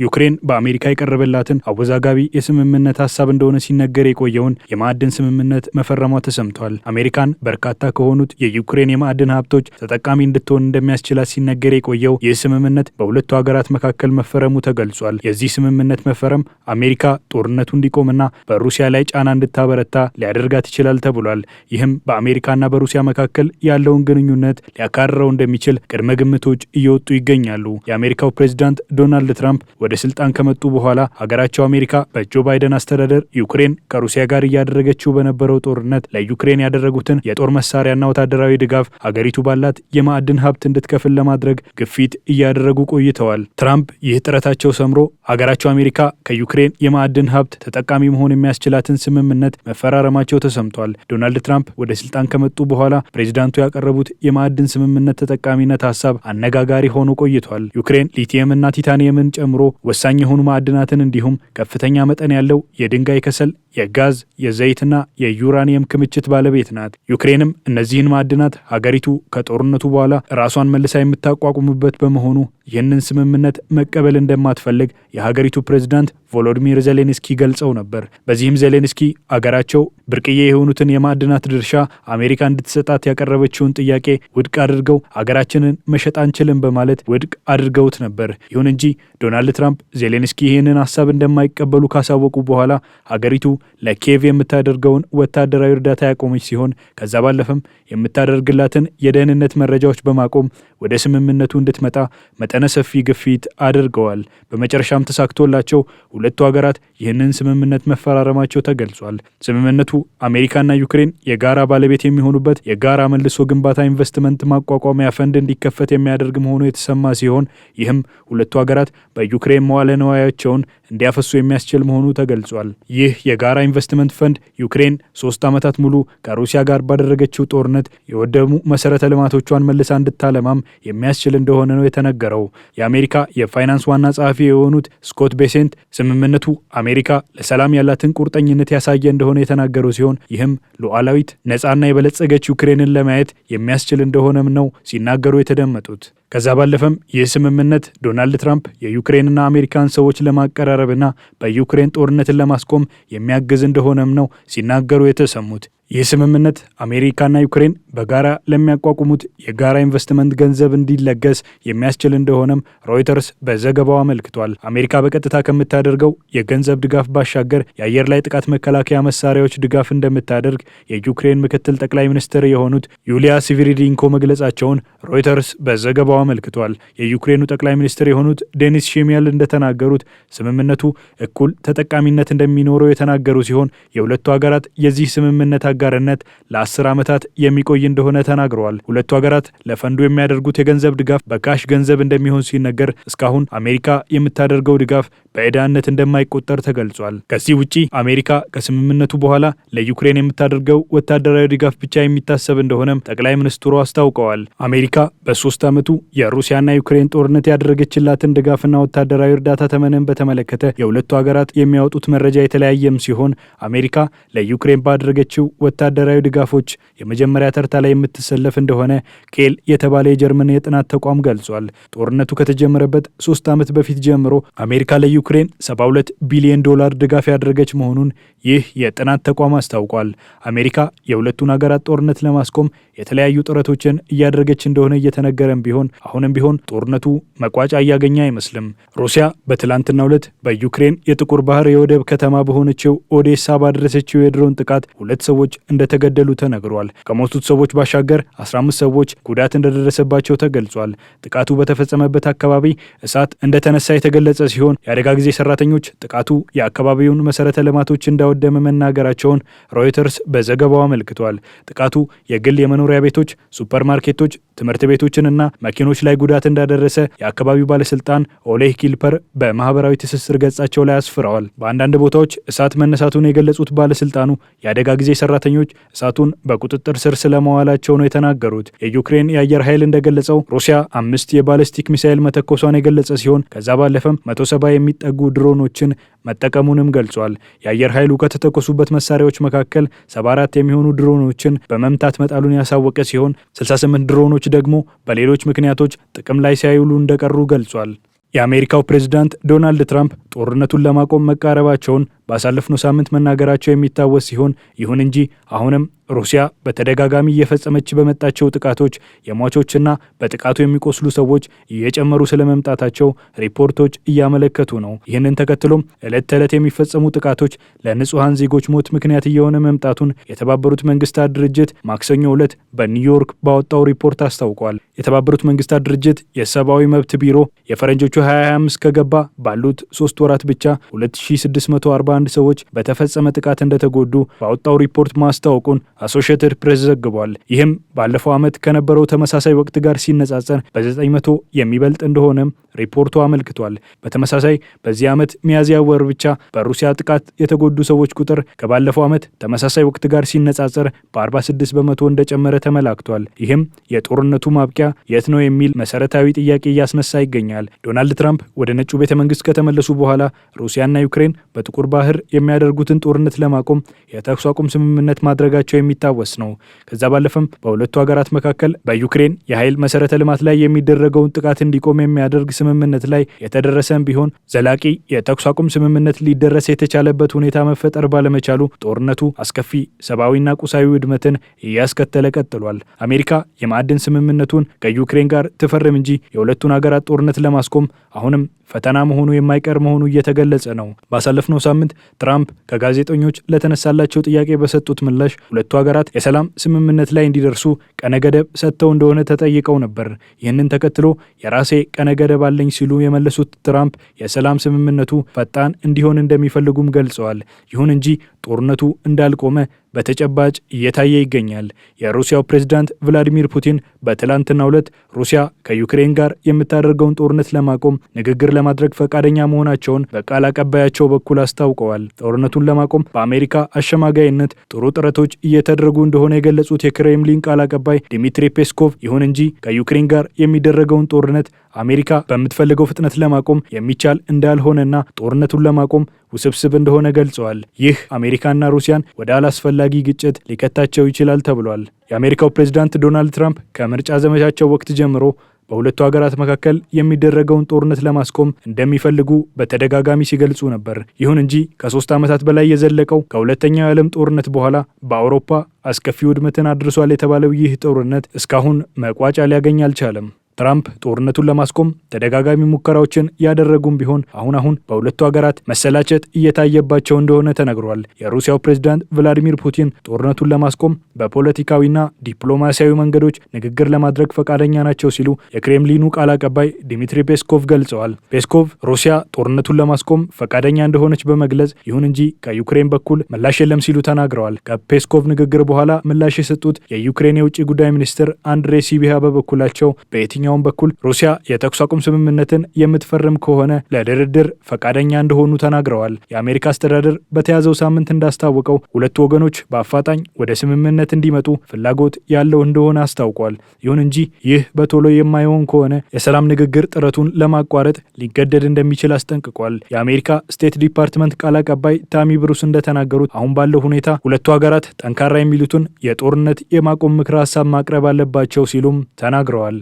ዩክሬን በአሜሪካ የቀረበላትን አወዛጋቢ የስምምነት ሀሳብ እንደሆነ ሲነገር የቆየውን የማዕድን ስምምነት መፈረሟ ተሰምቷል። አሜሪካን በርካታ ከሆኑት የዩክሬን የማዕድን ሀብቶች ተጠቃሚ እንድትሆን እንደሚያስችላት ሲነገር የቆየው ይህ ስምምነት በሁለቱ ሀገራት መካከል መፈረሙ ተገልጿል። የዚህ ስምምነት መፈረም አሜሪካ ጦርነቱ እንዲቆምና በሩሲያ ላይ ጫና እንድታበረታ ሊያደርጋት ይችላል ተብሏል። ይህም በአሜሪካና በሩሲያ መካከል ያለውን ግንኙነት ሊያካርረው እንደሚችል ቅድመ ግምቶች እየወጡ ይገኛሉ። የአሜሪካው ፕሬዚዳንት ዶናልድ ትራምፕ ወደ ስልጣን ከመጡ በኋላ ሀገራቸው አሜሪካ በጆ ባይደን አስተዳደር ዩክሬን ከሩሲያ ጋር እያደረገችው በነበረው ጦርነት ለዩክሬን ያደረጉትን የጦር መሳሪያና ወታደራዊ ድጋፍ ሀገሪቱ ባላት የማዕድን ሀብት እንድትከፍል ለማድረግ ግፊት እያደረጉ ቆይተዋል። ትራምፕ ይህ ጥረታቸው ሰምሮ ሀገራቸው አሜሪካ ከዩክሬን የማዕድን ሀብት ተጠቃሚ መሆን የሚያስችላትን ስምምነት መፈራረማቸው ተሰምቷል። ዶናልድ ትራምፕ ወደ ስልጣን ከመጡ በኋላ ፕሬዚዳንቱ ያቀረቡት የማዕድን ስምምነት ተጠቃሚነት ሀሳብ አነጋጋሪ ሆኖ ቆይቷል። ዩክሬን ሊቲየምና ቲታኒየምን ጨምሮ ወሳኝ የሆኑ ማዕድናትን እንዲሁም ከፍተኛ መጠን ያለው የድንጋይ ከሰል፣ የጋዝ፣ የዘይትና የዩራኒየም ክምችት ባለቤት ናት። ዩክሬንም እነዚህን ማዕድናት ሀገሪቱ ከጦርነቱ በኋላ ራሷን መልሳ የምታቋቁምበት በመሆኑ ይህንን ስምምነት መቀበል እንደማትፈልግ የሀገሪቱ ፕሬዝዳንት ቮሎዲሚር ዜሌንስኪ ገልጸው ነበር። በዚህም ዜሌንስኪ አገራቸው ብርቅዬ የሆኑትን የማዕድናት ድርሻ አሜሪካ እንድትሰጣት ያቀረበችውን ጥያቄ ውድቅ አድርገው አገራችንን መሸጥ አንችልም በማለት ውድቅ አድርገውት ነበር። ይሁን እንጂ ዶናልድ ትራምፕ ዜሌንስኪ ይህንን ሀሳብ እንደማይቀበሉ ካሳወቁ በኋላ ሀገሪቱ ለኪየቭ የምታደርገውን ወታደራዊ እርዳታ ያቆመች ሲሆን ከዛ ባለፈም የምታደርግላትን የደህንነት መረጃዎች በማቆም ወደ ስምምነቱ እንድትመጣ መጠነ ሰፊ ግፊት አድርገዋል። በመጨረሻም ተሳክቶላቸው ሁለቱ ሀገራት ይህንን ስምምነት መፈራረማቸው ተገልጿል። ስምምነቱ አሜሪካና ዩክሬን የጋራ ባለቤት የሚሆኑበት የጋራ መልሶ ግንባታ ኢንቨስትመንት ማቋቋሚያ ፈንድ እንዲከፈት የሚያደርግ መሆኑ የተሰማ ሲሆን ይህም ሁለቱ ሀገራት በዩክሬን መዋለ ንዋያቸውን እንዲያፈሱ የሚያስችል መሆኑ ተገልጿል። ይህ የጋራ ኢንቨስትመንት ፈንድ ዩክሬን ሶስት ዓመታት ሙሉ ከሩሲያ ጋር ባደረገችው ጦርነት የወደሙ መሰረተ ልማቶቿን መልሳ እንድታለማም የሚያስችል እንደሆነ ነው የተነገረው። የአሜሪካ የፋይናንስ ዋና ጸሐፊ የሆኑት ስኮት ቤሴንት ስምምነቱ አሜሪካ ለሰላም ያላትን ቁርጠኝነት ያሳየ እንደሆነ የተናገሩ ሲሆን ይህም ሉዓላዊት ነፃና የበለጸገች ዩክሬንን ለማየት የሚያስችል እንደሆነም ነው ሲናገሩ የተደመጡት። ከዛ ባለፈም ይህ ስምምነት ዶናልድ ትራምፕ የዩክሬንና አሜሪካን ሰዎች ለማቀራረብና በዩክሬን ጦርነትን ለማስቆም የሚያግዝ እንደሆነም ነው ሲናገሩ የተሰሙት። ይህ ስምምነት አሜሪካና ዩክሬን በጋራ ለሚያቋቁሙት የጋራ ኢንቨስትመንት ገንዘብ እንዲለገስ የሚያስችል እንደሆነም ሮይተርስ በዘገባው አመልክቷል። አሜሪካ በቀጥታ ከምታደርገው የገንዘብ ድጋፍ ባሻገር የአየር ላይ ጥቃት መከላከያ መሳሪያዎች ድጋፍ እንደምታደርግ የዩክሬን ምክትል ጠቅላይ ሚኒስትር የሆኑት ዩሊያ ሲቪሪዲንኮ መግለጻቸውን ሮይተርስ በዘገባው አመልክቷል። የዩክሬኑ ጠቅላይ ሚኒስትር የሆኑት ዴኒስ ሼሚያል እንደተናገሩት ስምምነቱ እኩል ተጠቃሚነት እንደሚኖረው የተናገሩ ሲሆን የሁለቱ ሀገራት የዚህ ስምምነት አጋርነት ለአስር ዓመታት የሚቆይ እንደሆነ ተናግረዋል። ሁለቱ ሀገራት ለፈንዱ የሚያደርጉት የገንዘብ ድጋፍ በካሽ ገንዘብ እንደሚሆን ሲነገር፣ እስካሁን አሜሪካ የምታደርገው ድጋፍ በዕዳነት እንደማይቆጠር ተገልጿል። ከዚህ ውጪ አሜሪካ ከስምምነቱ በኋላ ለዩክሬን የምታደርገው ወታደራዊ ድጋፍ ብቻ የሚታሰብ እንደሆነም ጠቅላይ ሚኒስትሩ አስታውቀዋል። አሜሪካ በሶስት ዓመቱ የሩሲያና ዩክሬን ጦርነት ያደረገችላትን ድጋፍና ወታደራዊ እርዳታ ተመንን በተመለከተ የሁለቱ ሀገራት የሚያወጡት መረጃ የተለያየም ሲሆን አሜሪካ ለዩክሬን ባደረገችው ወታደራዊ ድጋፎች የመጀመሪያ ተርታ ላይ የምትሰለፍ እንደሆነ ኬል የተባለ የጀርመን የጥናት ተቋም ገልጿል። ጦርነቱ ከተጀመረበት ሶስት ዓመት በፊት ጀምሮ አሜሪካ ለዩክሬን 72 ቢሊዮን ዶላር ድጋፍ ያደረገች መሆኑን ይህ የጥናት ተቋም አስታውቋል። አሜሪካ የሁለቱን ሀገራት ጦርነት ለማስቆም የተለያዩ ጥረቶችን እያደረገች እንደሆነ እየተነገረም ቢሆን አሁንም ቢሆን ጦርነቱ መቋጫ እያገኘ አይመስልም። ሩሲያ በትላንትናው ዕለት በዩክሬን የጥቁር ባህር የወደብ ከተማ በሆነችው ኦዴሳ ባደረሰችው የድሮን ጥቃት ሁለት ሰዎች ሰዎች እንደተገደሉ ተነግሯል። ከሞቱት ሰዎች ባሻገር 15 ሰዎች ጉዳት እንደደረሰባቸው ተገልጿል። ጥቃቱ በተፈጸመበት አካባቢ እሳት እንደተነሳ የተገለጸ ሲሆን የአደጋ ጊዜ ሰራተኞች ጥቃቱ የአካባቢውን መሰረተ ልማቶች እንዳወደመ መናገራቸውን ሮይተርስ በዘገባው አመልክቷል። ጥቃቱ የግል የመኖሪያ ቤቶች፣ ሱፐርማርኬቶች ትምህርት ቤቶችንና መኪኖች ላይ ጉዳት እንዳደረሰ የአካባቢው ባለስልጣን ኦሌህ ኪልፐር በማህበራዊ ትስስር ገጻቸው ላይ አስፍረዋል። በአንዳንድ ቦታዎች እሳት መነሳቱን የገለጹት ባለስልጣኑ የአደጋ ጊዜ ሰራተኞች እሳቱን በቁጥጥር ስር ስለመዋላቸው ነው የተናገሩት። የዩክሬን የአየር ኃይል እንደገለጸው ሩሲያ አምስት የባለስቲክ ሚሳይል መተኮሷን የገለጸ ሲሆን ከዛ ባለፈም መቶ ሰባ የሚጠጉ ድሮኖችን መጠቀሙንም ገልጿል። የአየር ኃይሉ ከተተኮሱበት መሳሪያዎች መካከል 74 የሚሆኑ ድሮኖችን በመምታት መጣሉን ያሳወቀ ሲሆን 68 ድሮኖች ደግሞ በሌሎች ምክንያቶች ጥቅም ላይ ሳይውሉ እንደቀሩ ገልጿል። የአሜሪካው ፕሬዝዳንት ዶናልድ ትራምፕ ጦርነቱን ለማቆም መቃረባቸውን ባሳለፍነው ሳምንት መናገራቸው የሚታወስ ሲሆን ይሁን እንጂ አሁንም ሩሲያ በተደጋጋሚ እየፈጸመች በመጣቸው ጥቃቶች የሟቾችና በጥቃቱ የሚቆስሉ ሰዎች እየጨመሩ ስለመምጣታቸው ሪፖርቶች እያመለከቱ ነው። ይህንን ተከትሎም ዕለት ተዕለት የሚፈጸሙ ጥቃቶች ለንጹሐን ዜጎች ሞት ምክንያት እየሆነ መምጣቱን የተባበሩት መንግስታት ድርጅት ማክሰኞ ዕለት በኒውዮርክ ባወጣው ሪፖርት አስታውቋል። የተባበሩት መንግስታት ድርጅት የሰብአዊ መብት ቢሮ የፈረንጆቹ 2025 ከገባ ባሉት ሶስት ወራት ብቻ 2641 ሰዎች በተፈጸመ ጥቃት እንደተጎዱ ባወጣው ሪፖርት ማስታወቁን አሶሽትድ ፕሬስ ዘግቧል። ይህም ባለፈው ዓመት ከነበረው ተመሳሳይ ወቅት ጋር ሲነጻጸር በ900 የሚበልጥ እንደሆነም ሪፖርቱ አመልክቷል። በተመሳሳይ በዚህ ዓመት ሚያዝያ ወር ብቻ በሩሲያ ጥቃት የተጎዱ ሰዎች ቁጥር ከባለፈው ዓመት ተመሳሳይ ወቅት ጋር ሲነጻጸር በ46 በመቶ እንደጨመረ ተመላክቷል። ይህም የጦርነቱ ማብቂያ የት ነው የሚል መሰረታዊ ጥያቄ እያስነሳ ይገኛል። ዶናልድ ትራምፕ ወደ ነጩ ቤተ መንግስት ከተመለሱ በኋላ በኋላ ሩሲያና ዩክሬን በጥቁር ባህር የሚያደርጉትን ጦርነት ለማቆም የተኩስ አቁም ስምምነት ማድረጋቸው የሚታወስ ነው። ከዛ ባለፈም በሁለቱ ሀገራት መካከል በዩክሬን የኃይል መሰረተ ልማት ላይ የሚደረገውን ጥቃት እንዲቆም የሚያደርግ ስምምነት ላይ የተደረሰም ቢሆን ዘላቂ የተኩስ አቁም ስምምነት ሊደረስ የተቻለበት ሁኔታ መፈጠር ባለመቻሉ ጦርነቱ አስከፊ ሰብአዊና ቁሳዊ ውድመትን እያስከተለ ቀጥሏል። አሜሪካ የማዕድን ስምምነቱን ከዩክሬን ጋር ትፈርም እንጂ የሁለቱን ሀገራት ጦርነት ለማስቆም አሁንም ፈተና መሆኑ የማይቀር መሆኑ እየተገለጸ ነው። ባሳለፍነው ሳምንት ትራምፕ ከጋዜጠኞች ለተነሳላቸው ጥያቄ በሰጡት ምላሽ ሁለቱ ሀገራት የሰላም ስምምነት ላይ እንዲደርሱ ቀነ ገደብ ሰጥተው እንደሆነ ተጠይቀው ነበር። ይህንን ተከትሎ የራሴ ቀነ ገደብ አለኝ ሲሉ የመለሱት ትራምፕ የሰላም ስምምነቱ ፈጣን እንዲሆን እንደሚፈልጉም ገልጸዋል። ይሁን እንጂ ጦርነቱ እንዳልቆመ በተጨባጭ እየታየ ይገኛል። የሩሲያው ፕሬዝዳንት ቭላዲሚር ፑቲን በትላንትናው ዕለት ሩሲያ ከዩክሬን ጋር የምታደርገውን ጦርነት ለማቆም ንግግር ለማድረግ ፈቃደኛ መሆናቸውን በቃል አቀባያቸው በኩል አስታውቀዋል። ጦርነቱን ለማቆም በአሜሪካ አሸማጋይነት ጥሩ ጥረቶች እየተደረጉ እንደሆነ የገለጹት የክሬምሊን ቃል አቀባይ ዲሚትሪ ፔስኮቭ፣ ይሁን እንጂ ከዩክሬን ጋር የሚደረገውን ጦርነት አሜሪካ በምትፈልገው ፍጥነት ለማቆም የሚቻል እንዳልሆነና ጦርነቱን ለማቆም ውስብስብ እንደሆነ ገልጸዋል። ይህ አሜሪካና ሩሲያን ወደ አላስፈላጊ ግጭት ሊከታቸው ይችላል ተብሏል። የአሜሪካው ፕሬዝዳንት ዶናልድ ትራምፕ ከምርጫ ዘመቻቸው ወቅት ጀምሮ በሁለቱ ሀገራት መካከል የሚደረገውን ጦርነት ለማስቆም እንደሚፈልጉ በተደጋጋሚ ሲገልጹ ነበር። ይሁን እንጂ ከሶስት ዓመታት በላይ የዘለቀው ከሁለተኛው የዓለም ጦርነት በኋላ በአውሮፓ አስከፊ ውድመትን አድርሷል የተባለው ይህ ጦርነት እስካሁን መቋጫ ሊያገኝ አልቻለም። ትራምፕ ጦርነቱን ለማስቆም ተደጋጋሚ ሙከራዎችን ያደረጉም ቢሆን አሁን አሁን በሁለቱ ሀገራት መሰላቸት እየታየባቸው እንደሆነ ተነግሯል። የሩሲያው ፕሬዝዳንት ቭላዲሚር ፑቲን ጦርነቱን ለማስቆም በፖለቲካዊና ዲፕሎማሲያዊ መንገዶች ንግግር ለማድረግ ፈቃደኛ ናቸው ሲሉ የክሬምሊኑ ቃል አቀባይ ዲሚትሪ ፔስኮቭ ገልጸዋል። ፔስኮቭ ሩሲያ ጦርነቱን ለማስቆም ፈቃደኛ እንደሆነች በመግለጽ ይሁን እንጂ ከዩክሬን በኩል ምላሽ የለም ሲሉ ተናግረዋል። ከፔስኮቭ ንግግር በኋላ ምላሽ የሰጡት የዩክሬን የውጭ ጉዳይ ሚኒስትር አንድሬ ሲቢሃ በበኩላቸው በየትኛው በየትኛውም በኩል ሩሲያ የተኩስ አቁም ስምምነትን የምትፈርም ከሆነ ለድርድር ፈቃደኛ እንደሆኑ ተናግረዋል። የአሜሪካ አስተዳደር በተያዘው ሳምንት እንዳስታወቀው ሁለቱ ወገኖች በአፋጣኝ ወደ ስምምነት እንዲመጡ ፍላጎት ያለው እንደሆነ አስታውቋል። ይሁን እንጂ ይህ በቶሎ የማይሆን ከሆነ የሰላም ንግግር ጥረቱን ለማቋረጥ ሊገደድ እንደሚችል አስጠንቅቋል። የአሜሪካ ስቴት ዲፓርትመንት ቃል አቀባይ ታሚ ብሩስ እንደተናገሩት አሁን ባለው ሁኔታ ሁለቱ ሀገራት ጠንካራ የሚሉትን የጦርነት የማቆም ምክረ ሀሳብ ማቅረብ አለባቸው ሲሉም ተናግረዋል።